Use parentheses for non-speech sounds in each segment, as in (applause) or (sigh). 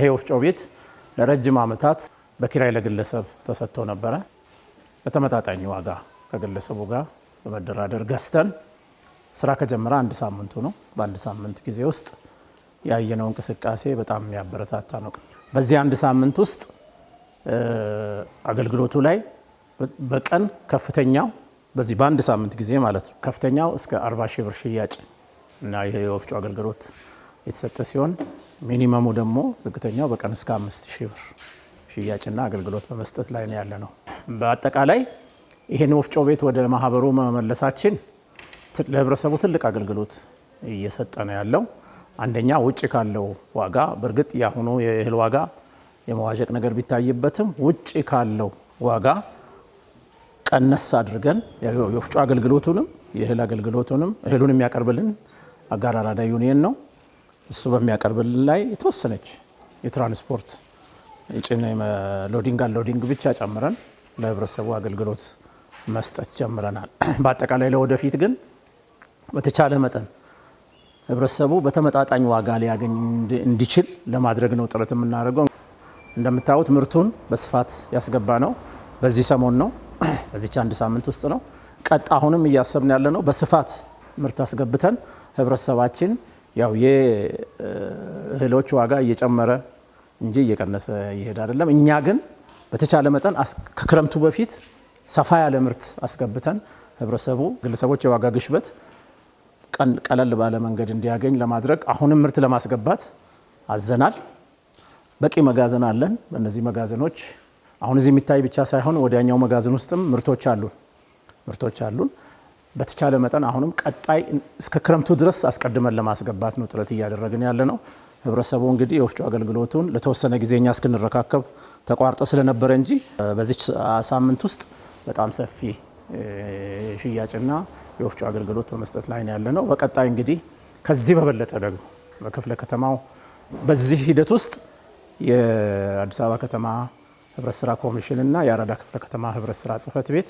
ይሄ ወፍጮ ቤት ለረጅም ዓመታት በኪራይ ለግለሰብ ተሰጥቶ ነበረ። በተመጣጣኝ ዋጋ ከግለሰቡ ጋር በመደራደር ገዝተን ስራ ከጀመረ አንድ ሳምንቱ ነው። በአንድ ሳምንት ጊዜ ውስጥ ያየነው እንቅስቃሴ በጣም የሚያበረታታ ነው። በዚህ አንድ ሳምንት ውስጥ አገልግሎቱ ላይ በቀን ከፍተኛው በዚህ በአንድ ሳምንት ጊዜ ማለት ነው ከፍተኛው እስከ 40 ሺህ ብር ሽያጭ እና ይሄ የወፍጮ አገልግሎት የተሰጠ ሲሆን ሚኒመሙ ደግሞ ዝቅተኛው በቀን እስከ አምስት ሺህ ብር ሽያጭና አገልግሎት በመስጠት ላይ ነው ያለ ነው። በአጠቃላይ ይህን ወፍጮ ቤት ወደ ማህበሩ መመለሳችን ለህብረተሰቡ ትልቅ አገልግሎት እየሰጠ ነው ያለው። አንደኛ ውጭ ካለው ዋጋ በእርግጥ የአሁኑ የእህል ዋጋ የመዋዠቅ ነገር ቢታይበትም ውጭ ካለው ዋጋ ቀነስ አድርገን የወፍጮ አገልግሎቱንም የእህል አገልግሎቱንም እህሉን የሚያቀርብልን አጋር አራዳ ዩኒየን ነው። እሱ በሚያቀርብልን ላይ የተወሰነች የትራንስፖርት ጭን ሎዲንግ አንሎዲንግ ብቻ ጨምረን ለህብረተሰቡ አገልግሎት መስጠት ጀምረናል። (clears throat) በአጠቃላይ ለወደፊት ግን በተቻለ መጠን ህብረተሰቡ በተመጣጣኝ ዋጋ ሊያገኝ እንዲችል ለማድረግ ነው ጥረት የምናደርገው። እንደምታዩት ምርቱን በስፋት ያስገባ ነው በዚህ ሰሞን ነው (clears throat) በዚች አንድ ሳምንት ውስጥ ነው። ቀጥ አሁንም እያሰብን ያለ ነው በስፋት ምርት አስገብተን ህብረተሰባችን ያው የእህሎች ዋጋ እየጨመረ እንጂ እየቀነሰ ይሄድ አይደለም። እኛ ግን በተቻለ መጠን ከክረምቱ በፊት ሰፋ ያለ ምርት አስገብተን ህብረተሰቡ፣ ግለሰቦች የዋጋ ግሽበት ቀለል ባለ መንገድ እንዲያገኝ ለማድረግ አሁንም ምርት ለማስገባት አዘናል። በቂ መጋዘን አለን። በእነዚህ መጋዘኖች አሁን እዚህ የሚታይ ብቻ ሳይሆን ወዲያኛው መጋዘን ውስጥም ምርቶች አሉን ምርቶች አሉን። በተቻለ መጠን አሁንም ቀጣይ እስከ ክረምቱ ድረስ አስቀድመን ለማስገባት ነው ጥረት እያደረግን ያለ ነው። ህብረተሰቡ እንግዲህ የወፍጮ አገልግሎቱን ለተወሰነ ጊዜ እኛ እስክንረካከብ ተቋርጦ ስለነበረ እንጂ በዚች ሳምንት ውስጥ በጣም ሰፊ ሽያጭና የወፍጮ አገልግሎት በመስጠት ላይ ያለ ነው። በቀጣይ እንግዲህ ከዚህ በበለጠ ደግሞ በክፍለ ከተማው በዚህ ሂደት ውስጥ የአዲስ አበባ ከተማ ህብረት ስራ ኮሚሽን እና የአራዳ ክፍለ ከተማ ህብረት ስራ ጽህፈት ቤት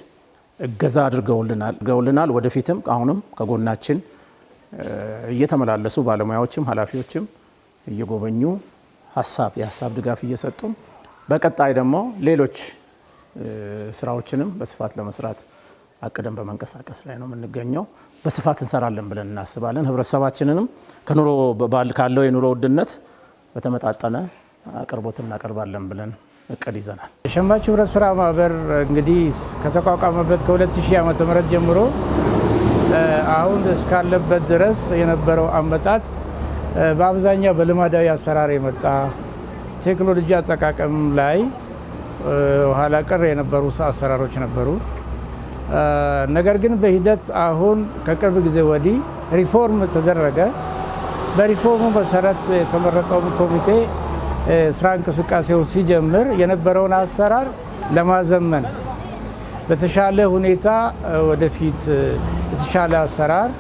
እገዛ አድርገውልናል ወደፊትም አሁንም ከጎናችን እየተመላለሱ ባለሙያዎችም ኃላፊዎችም እየጎበኙ ሀሳብ የሀሳብ ድጋፍ እየሰጡ በቀጣይ ደግሞ ሌሎች ስራዎችንም በስፋት ለመስራት አቅደን በመንቀሳቀስ ላይ ነው የምንገኘው። በስፋት እንሰራለን ብለን እናስባለን። ህብረተሰባችንንም ከኑሮ ካለው የኑሮ ውድነት በተመጣጠነ አቅርቦት እናቀርባለን ብለን እቅድ ይዘናል። የሸማች ህብረት ስራ ማህበር እንግዲህ ከተቋቋመበት ከ2000 ዓ.ም ጀምሮ አሁን እስካለበት ድረስ የነበረው አመጣት በአብዛኛው በልማዳዊ አሰራር የመጣ ቴክኖሎጂ አጠቃቀም ላይ ኋላ ቀር የነበሩ አሰራሮች ነበሩ። ነገር ግን በሂደት አሁን ከቅርብ ጊዜ ወዲህ ሪፎርም ተደረገ። በሪፎርሙ መሰረት የተመረጠውን ኮሚቴ ስራ እንቅስቃሴውን ሲጀምር የነበረውን አሰራር ለማዘመን በተሻለ ሁኔታ ወደፊት የተሻለ አሰራር፣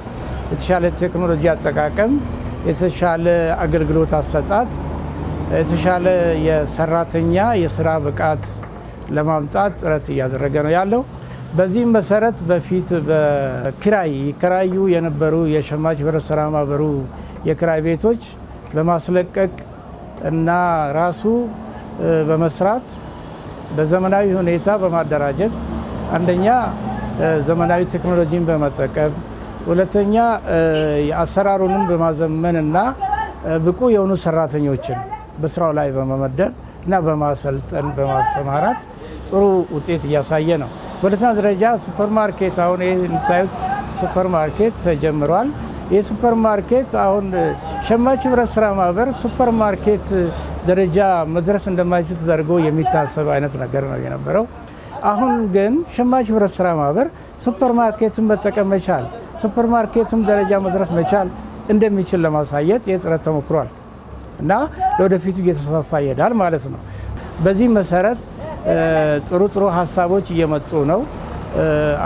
የተሻለ ቴክኖሎጂ አጠቃቀም፣ የተሻለ አገልግሎት አሰጣጥ፣ የተሻለ የሰራተኛ የስራ ብቃት ለማምጣት ጥረት እያደረገ ነው ያለው። በዚህም መሰረት በፊት በኪራይ ይከራዩ የነበሩ የሸማች ህብረት ስራ ማህበሩ ቤቶች በማስለቀቅ እና ራሱ በመስራት በዘመናዊ ሁኔታ በማደራጀት አንደኛ ዘመናዊ ቴክኖሎጂን በመጠቀም ሁለተኛ የአሰራሩንም በማዘመን እና ብቁ የሆኑ ሰራተኞችን በስራው ላይ በመመደብ እና በማሰልጠን በማሰማራት ጥሩ ውጤት እያሳየ ነው። በሁለተኛ ደረጃ ሱፐርማርኬት አሁን ይህ የምታዩት ሱፐርማርኬት ተጀምሯል። የሱፐር ማርኬት አሁን ሸማች ህብረት ስራ ማህበር ሱፐር ማርኬት ደረጃ መድረስ እንደማይችል ተደርጎ የሚታሰብ አይነት ነገር ነው የነበረው። አሁን ግን ሸማች ህብረት ስራ ማህበር ሱፐር ማርኬትን መጠቀም መቻል፣ ሱፐር ማርኬትም ደረጃ መድረስ መቻል እንደሚችል ለማሳየት የጥረት ተሞክሯል እና ለወደፊቱ እየተስፋፋ ይሄዳል ማለት ነው። በዚህ መሰረት ጥሩ ጥሩ ሀሳቦች እየመጡ ነው።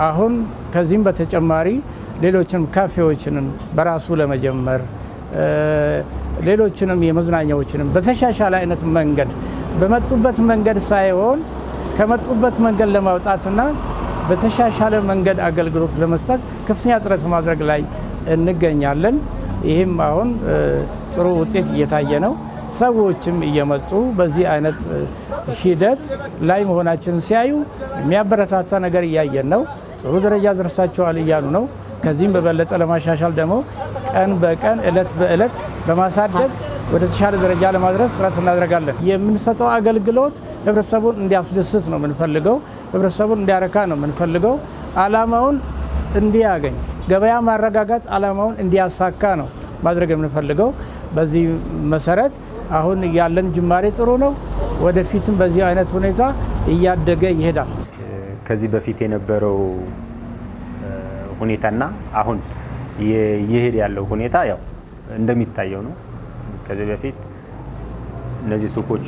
አሁን ከዚህም በተጨማሪ ሌሎችንም ካፌዎችንም በራሱ ለመጀመር ሌሎችንም የመዝናኛዎችንም በተሻሻለ አይነት መንገድ በመጡበት መንገድ ሳይሆን ከመጡበት መንገድ ለማውጣትና በተሻሻለ መንገድ አገልግሎት ለመስጠት ከፍተኛ ጥረት በማድረግ ላይ እንገኛለን። ይህም አሁን ጥሩ ውጤት እየታየ ነው። ሰዎችም እየመጡ በዚህ አይነት ሂደት ላይ መሆናችን ሲያዩ የሚያበረታታ ነገር እያየን ነው። ጥሩ ደረጃ ደርሳችኋል እያሉ ነው። ከዚህም በበለጠ ለማሻሻል ደግሞ ቀን በቀን እለት በእለት በማሳደግ ወደ ተሻለ ደረጃ ለማድረስ ጥረት እናደርጋለን። የምንሰጠው አገልግሎት ህብረተሰቡን እንዲያስደስት ነው የምንፈልገው። ህብረተሰቡን እንዲያረካ ነው የምንፈልገው። አላማውን እንዲያገኝ ገበያ ማረጋጋት አላማውን እንዲያሳካ ነው ማድረግ የምንፈልገው። በዚህ መሰረት አሁን ያለን ጅማሬ ጥሩ ነው። ወደፊትም በዚህ አይነት ሁኔታ እያደገ ይሄዳል። ከዚህ በፊት የነበረው ሁኔታና አሁን እየሄደ ያለው ሁኔታ ያው እንደሚታየው ነው። ከዚህ በፊት እነዚህ ሱቆች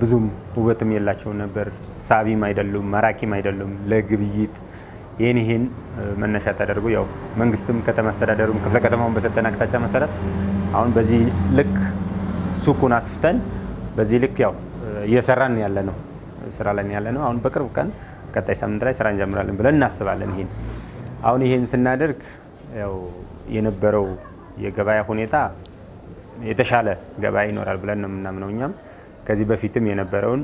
ብዙም ውበትም የላቸው ነበር። ሳቢም አይደሉም፣ ማራኪም አይደሉም ለግብይት። ይህን ይህን መነሻ ተደርጎ ያው መንግስትም ከተማ አስተዳደሩም ክፍለ ከተማውን በሰጠን አቅጣጫ መሰረት አሁን በዚህ ልክ ሱቁን አስፍተን በዚህ ልክ ያው እየሰራን ያለ ነው፣ ስራ ላይ ያለ ነው። አሁን በቅርብ ቀን ቀጣይ ሳምንት ላይ ስራ እንጀምራለን ብለን እናስባለን ይሄን አሁን ይሄን ስናደርግ ያው የነበረው የገበያ ሁኔታ የተሻለ ገበያ ይኖራል ብለን ነው የምናምነው። እኛም ከዚህ በፊትም የነበረውን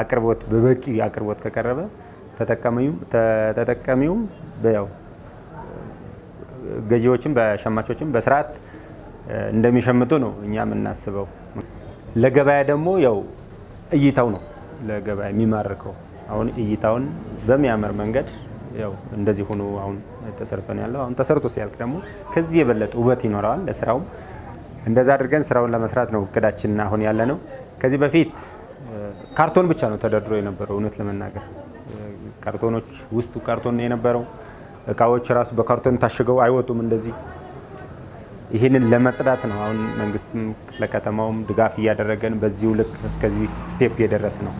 አቅርቦት በበቂ አቅርቦት ከቀረበ ተጠቃሚውም ገዢዎችም በሸማቾችም በስርዓት እንደሚሸምቱ ነው እኛ የምናስበው። ለገበያ ደግሞ ያው እይታው ነው ለገበያ የሚማርከው። አሁን እይታውን በሚያምር መንገድ ያው እንደዚህ ሆኖ አሁን ተሰርቶ ነው ያለው። አሁን ተሰርቶ ሲያልቅ ደግሞ ከዚህ የበለጠ ውበት ይኖረዋል ለስራውም። እንደዛ አድርገን ስራውን ለመስራት ነው እቅዳችን አሁን ያለ ነው። ከዚህ በፊት ካርቶን ብቻ ነው ተደርድሮ የነበረው። እውነት ለመናገር ካርቶኖች ውስጡ ካርቶን የነበረው። እቃዎች ራሱ በካርቶን ታሽገው አይወጡም እንደዚህ። ይህንን ለመጽዳት ነው አሁን መንግስትም ለከተማውም ድጋፍ እያደረገን በዚሁ ልክ እስከዚህ ስቴፕ የደረስ ነው።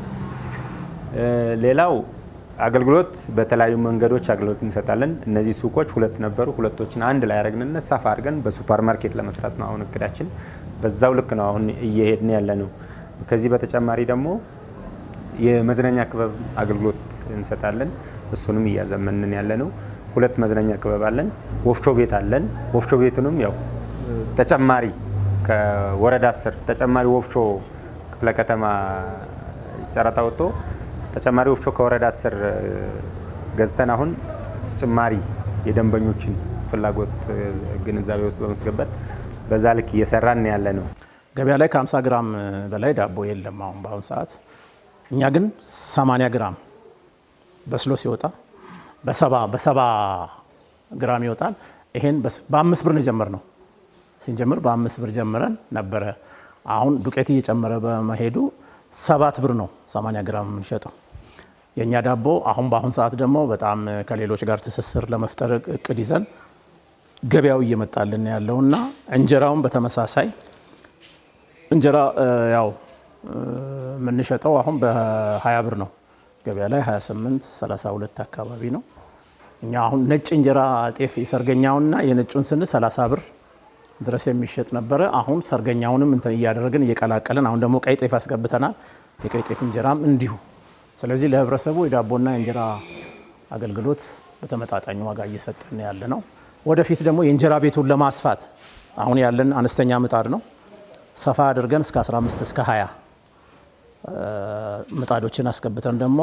ሌላው አገልግሎት በተለያዩ መንገዶች አገልግሎት እንሰጣለን። እነዚህ ሱቆች ሁለት ነበሩ። ሁለቶችን አንድ ላይ ያደረግንነት ሰፋ አድርገን በሱፐር ማርኬት ለመስራት ነው አሁን እቅዳችን። በዛው ልክ ነው አሁን እየሄድን ያለ ነው። ከዚህ በተጨማሪ ደግሞ የመዝናኛ ክበብ አገልግሎት እንሰጣለን። እሱንም እያዘመንን ያለ ነው። ሁለት መዝናኛ ክበብ አለን። ወፍቾ ቤት አለን። ወፍቾ ቤቱንም ያው ተጨማሪ ከወረዳ ስር ተጨማሪ ወፍቾ ክፍለ ከተማ ጨረታ ወጥቶ ተጨማሪ ወፍጮ ከወረዳ አስር ገዝተን አሁን ጭማሪ የደንበኞችን ፍላጎት ግንዛቤ ውስጥ በማስገባት በዛ ልክ እየሰራን ያለ ነው። ገበያ ላይ ከ50 ግራም በላይ ዳቦ የለም አሁን በአሁን ሰዓት። እኛ ግን 80 ግራም በስሎ ሲወጣ በ70 ግራም ይወጣል። ይሄን በአምስት ብር ነው የጀመርነው። ስንጀምር በአምስት ብር ጀምረን ነበረ። አሁን ዱቄት እየጨመረ በመሄዱ ሰባት ብር ነው 80 ግራም የምንሸጠው። የእኛ ዳቦ አሁን በአሁን ሰዓት ደግሞ በጣም ከሌሎች ጋር ትስስር ለመፍጠር እቅድ ይዘን ገበያው እየመጣልን ያለውና እንጀራውን በተመሳሳይ እንጀራ ያው የምንሸጠው አሁን በ20 ብር ነው። ገበያ ላይ 28 32 አካባቢ ነው። እኛ አሁን ነጭ እንጀራ ጤፍ ሰርገኛውንና የነጩን ስን 30 ብር ድረስ የሚሸጥ ነበረ። አሁን ሰርገኛውንም እንትን እያደረግን እየቀላቀልን አሁን ደግሞ ቀይ ጤፍ አስገብተናል። የቀይ ጤፍ እንጀራም እንዲሁ ስለዚህ ለህብረተሰቡ የዳቦና የእንጀራ አገልግሎት በተመጣጣኝ ዋጋ እየሰጠን ያለ ነው። ወደፊት ደግሞ የእንጀራ ቤቱን ለማስፋት አሁን ያለን አነስተኛ ምጣድ ነው። ሰፋ አድርገን እስከ 15 እስከ 20 ምጣዶችን አስገብተን ደግሞ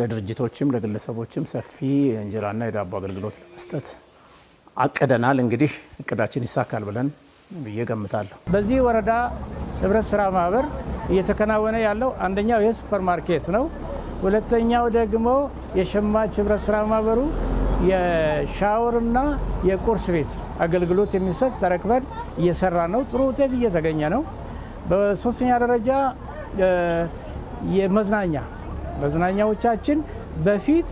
ለድርጅቶችም ለግለሰቦችም ሰፊ የእንጀራና የዳቦ አገልግሎት ለመስጠት አቅደናል። እንግዲህ እቅዳችን ይሳካል ብለን ብዬ ገምታለሁ። በዚህ ወረዳ ህብረት ስራ ማህበር እየተከናወነ ያለው አንደኛው የሱፐር ማርኬት ነው። ሁለተኛው ደግሞ የሸማች ህብረት ስራ ማህበሩ የሻወርና የቁርስ ቤት አገልግሎት የሚሰጥ ተረክበን እየሰራ ነው። ጥሩ ውጤት እየተገኘ ነው። በሶስተኛ ደረጃ የመዝናኛ መዝናኛዎቻችን በፊት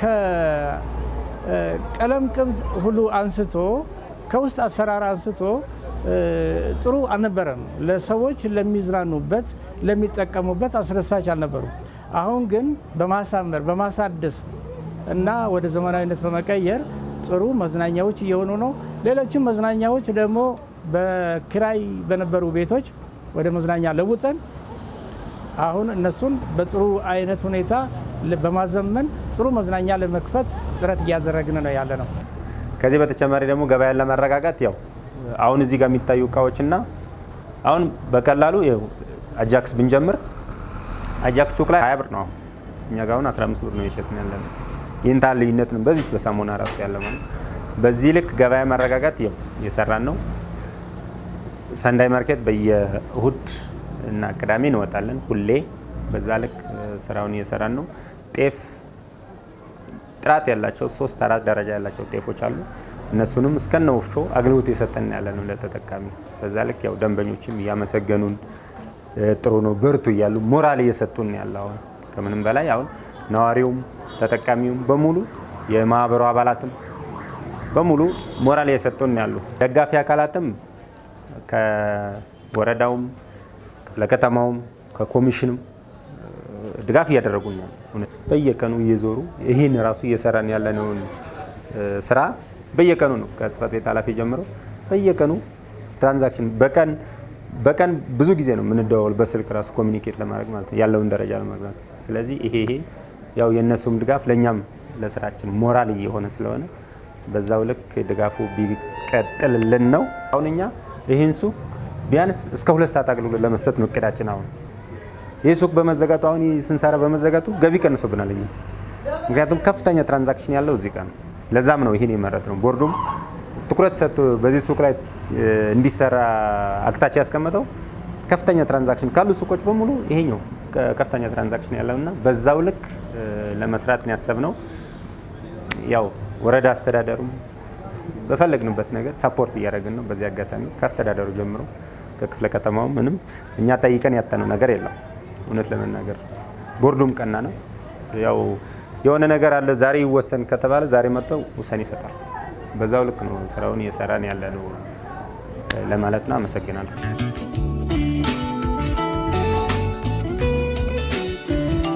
ከቀለም ቅብት ሁሉ አንስቶ ከውስጥ አሰራር አንስቶ ጥሩ አልነበረም። ለሰዎች ለሚዝናኑበት ለሚጠቀሙበት አስደሳች አልነበሩም። አሁን ግን በማሳመር በማሳደስ እና ወደ ዘመናዊነት በመቀየር ጥሩ መዝናኛዎች እየሆኑ ነው። ሌሎችም መዝናኛዎች ደግሞ በክራይ በነበሩ ቤቶች ወደ መዝናኛ ለውጠን አሁን እነሱን በጥሩ አይነት ሁኔታ በማዘመን ጥሩ መዝናኛ ለመክፈት ጥረት እያደረግን ነው ያለ ነው። ከዚህ በተጨማሪ ደግሞ ገበያን ለማረጋጋት ያው አሁን እዚህ ጋር የሚታዩ እቃዎችና አሁን በቀላሉ አጃክስ ብንጀምር አጃክስ ሱቅ ላይ ሀያ ብር ነው። እኛ ጋር አሁን 15 ብር ነው እየሸጥን ያለን። ይንታ ልዩነት ነው በዚህ በሳሙና ራሱ ያለ ማለት። በዚህ ልክ ገበያ መረጋጋት ያው እየሰራን ነው። ሰንዳይ ማርኬት በየእሁድ እና ቅዳሜ እንወጣለን ሁሌ። በዛ ልክ ስራውን እየሰራን ነው። ጤፍ ጥራት ያላቸው ሶስት አራት ደረጃ ያላቸው ጤፎች አሉ። እነሱንም እስከነ ወፍጮ አገልግሎት እየሰጠን ያለ ነው ለተጠቃሚ። በዛ ልክ ያው ደንበኞችም እያመሰገኑን ጥሩ ነው በርቱ እያሉ ሞራል እየሰጡን ያለ አሁን ከምንም በላይ አሁን ነዋሪውም ተጠቃሚውም በሙሉ የማህበሩ አባላትም በሙሉ ሞራል እየሰጡን ያሉ ደጋፊ አካላትም ከወረዳውም ክፍለ ከተማውም ከኮሚሽንም ድጋፍ እያደረጉን ያሉ በየቀኑ እየዞሩ ይህን ራሱ እየሰራን ያለነውን ስራ በየቀኑ ነው ከጽህፈት ቤት ኃላፊ ጀምሮ በየቀኑ ትራንዛክሽን በቀን በቀን ብዙ ጊዜ ነው የምንደዋወል በስልክ ራሱ ኮሚኒኬት ለማድረግ ማለት ነው ያለውን ደረጃ ለመግባት። ስለዚህ ይሄ ይሄ ያው የእነሱም ድጋፍ ለእኛም ለስራችን ሞራል እየሆነ ስለሆነ በዛው ልክ ድጋፉ ቢቀጥልልን ነው። አሁን እኛ ይህን ሱቅ ቢያንስ እስከ ሁለት ሰዓት አገልግሎት ለመስጠት ነው እቅዳችን። አሁን ይህ ሱቅ በመዘጋቱ አሁን ስንሰራ በመዘጋቱ ገቢ ቀንሶብናል እኛ ምክንያቱም ከፍተኛ ትራንዛክሽን ያለው እዚህ ጋር ነው። ለዛም ነው ይህን የመረጥ ነው ቦርዱም ትኩረት ሰጥቶ በዚህ ሱቅ ላይ እንዲሰራ አቅጣጫ ያስቀመጠው ከፍተኛ ትራንዛክሽን ካሉ ሱቆች በሙሉ ይሄኛው ከፍተኛ ትራንዛክሽን ያለውና በዛው ልክ ለመስራት ነው ያው ወረዳ አስተዳደሩም በፈለግንበት ነገር ሰፖርት እያደረግን ነው። በዚህ አጋጣሚ ከአስተዳደሩ ጀምሮ ከክፍለ ከተማው ምንም እኛ ጠይቀን ያጠነው ነገር የለም። እውነት ለመናገር ቦርዱም ቀና ነው። ያው የሆነ ነገር አለ ዛሬ ይወሰን ከተባለ ዛሬ መጥተው ውሰን ይሰጣል። በዛው ልክ ነው ስራውን እየሰራን ያለ ነው። ለማለት ነው። አመሰግናለሁ።